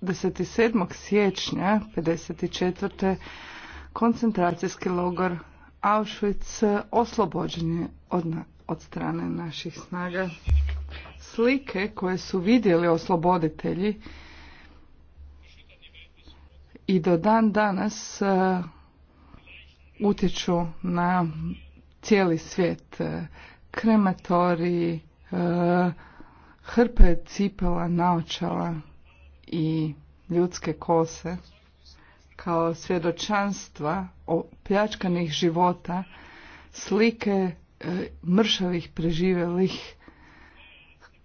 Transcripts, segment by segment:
27. siječnja 54. koncentracijski logor Auschwitz oslobođen je od, od strane naših snaga. Slike koje su vidjeli osloboditelji i do dan danas eh, utječu na cijeli svijet. Krematori, eh, hrpe cipela, naočala, i ljudske kose kao svjedočanstva o pljačkanih života, slike e, mršavih preživelih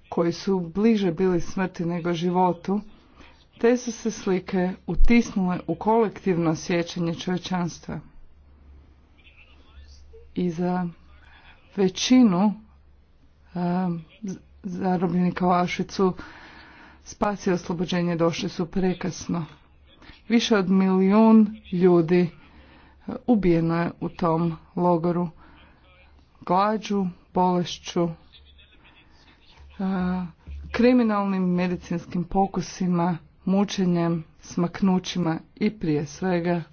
koji su bliže bili smrti nego životu, te su se slike utisnule u kolektivno sjećanje čovječanstva. I za većinu e, zarobljenika u Spas i oslobođenje došli su prekasno. Više od milijun ljudi e, ubijeno je u tom logoru glađu, bolešću, e, kriminalnim medicinskim pokusima, mučenjem, smaknućima i prije svega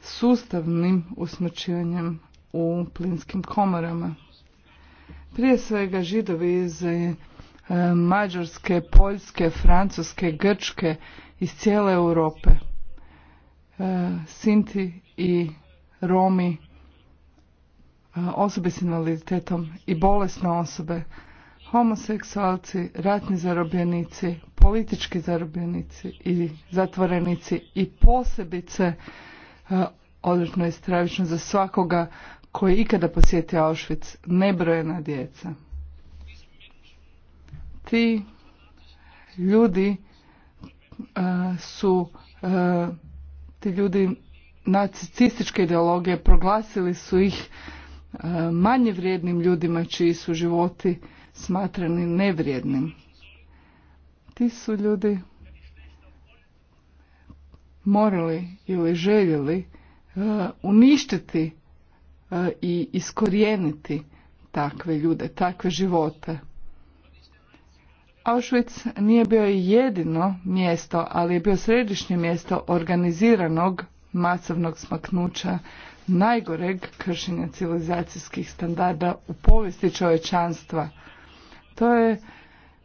sustavnim usmrćivanjem u plinskim komorama. Prije svega židovi iz E, Mađarske, Poljske, Francuske, Grčke, iz cijele Europe. E, Sinti i Romi, e, osobe s invaliditetom i bolesne osobe, homoseksualci, ratni zarobljenici, politički zarobljenici i zatvorenici i posebice odrečno i stravično za svakoga koji ikada posjeti Auschwitz, nebrojena djeca ti ljudi e, su e, ti ljudi nacističke ideologije proglasili su ih e, manje vrijednim ljudima čiji su životi smatrani nevrijednim. Ti su ljudi morali ili željeli uništiti i iskorijeniti takve ljude, takve živote. Auschwitz nije bio jedino mjesto, ali je bio središnje mjesto organiziranog masovnog smaknuća najgoreg kršenja civilizacijskih standarda u povijesti čovečanstva. To je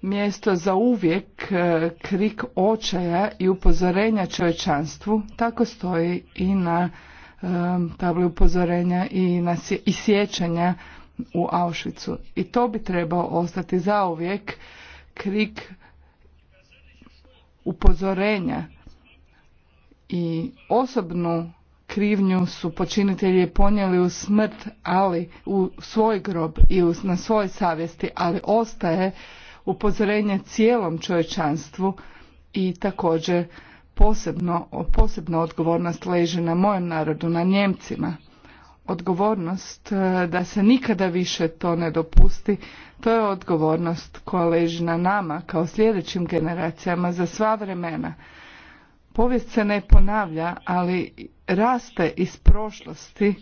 mjesto za uvijek e, krik očaja i upozorenja čovečanstvu, tako stoji i na e, tabli upozorenja i, na, i sjećanja u Auschwitzu. I to bi trebao ostati za zauvijek krik upozorenja i osobnu krivnju su počinitelji ponijeli u smrt, ali u svoj grob i na svoj savjesti, ali ostaje upozorenje cijelom čovječanstvu i također posebno, posebna odgovornost leži na mojem narodu, na Njemcima odgovornost e, da se nikada više to ne dopusti, to je odgovornost koja leži na nama kao sljedećim generacijama za sva vremena. Povijest se ne ponavlja, ali raste iz prošlosti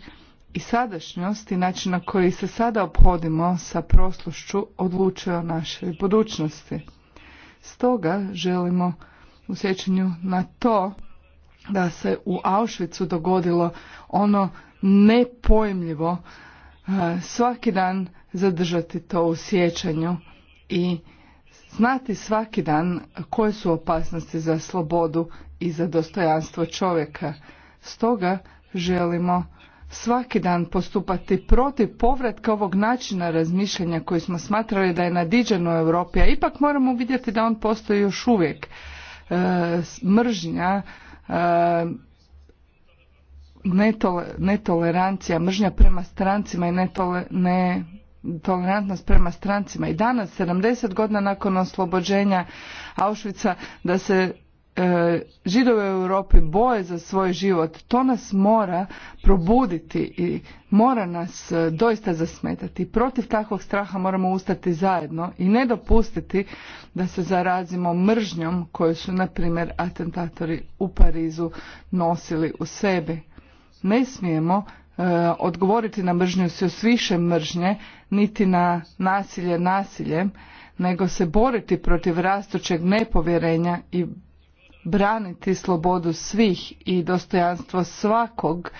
i sadašnjosti način na koji se sada obhodimo sa prošlošću odlučuje o našoj budućnosti. Stoga želimo u sjećanju na to da se u Auschwitzu dogodilo ono nepojmljivo e, svaki dan zadržati to u sjećanju i znati svaki dan koje su opasnosti za slobodu i za dostojanstvo čovjeka. Stoga želimo svaki dan postupati protiv povratka ovog načina razmišljanja koji smo smatrali da je nadiđen u Europi, a ipak moramo vidjeti da on postoji još uvijek. E, mržnja, E, netolerancija, mržnja prema strancima i netolerantnost prema strancima. I danas, 70 godina nakon oslobođenja Auschwitza, da se E, židove u Europi boje za svoj život, to nas mora probuditi i mora nas e, doista zasmetati. Protiv takvog straha moramo ustati zajedno i ne dopustiti da se zarazimo mržnjom koju su, na primjer, atentatori u Parizu nosili u sebi. Ne smijemo e, odgovoriti na mržnju se s više mržnje, niti na nasilje nasiljem, nego se boriti protiv rastućeg nepovjerenja i braniti slobodu svih i dostojanstvo svakog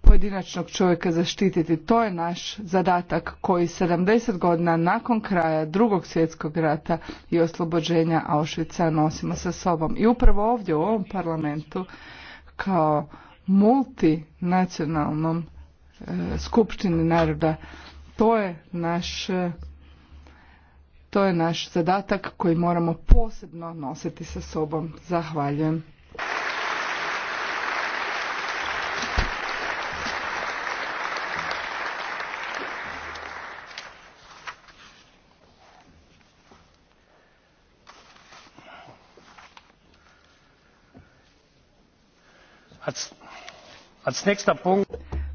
pojedinačnog čovjeka zaštititi. To je naš zadatak koji 70 godina nakon kraja drugog svjetskog rata i oslobođenja Auschwitza nosimo sa sobom. I upravo ovdje u ovom parlamentu kao multinacionalnom e, skupštini naroda to je naš e, to je naš zadatak koji moramo posebno nositi sa sobom. Zahvaljujem.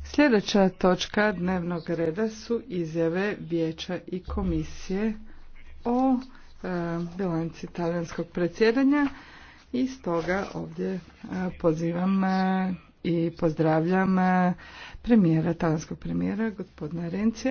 Sljedeća točka dnevnog reda su izjave vijeća i komisije o e, bilanci talijanskog predsjedanja i stoga ovdje e, pozivam e, i pozdravljam premijera, talijanskog premijera, gospodina Rencija.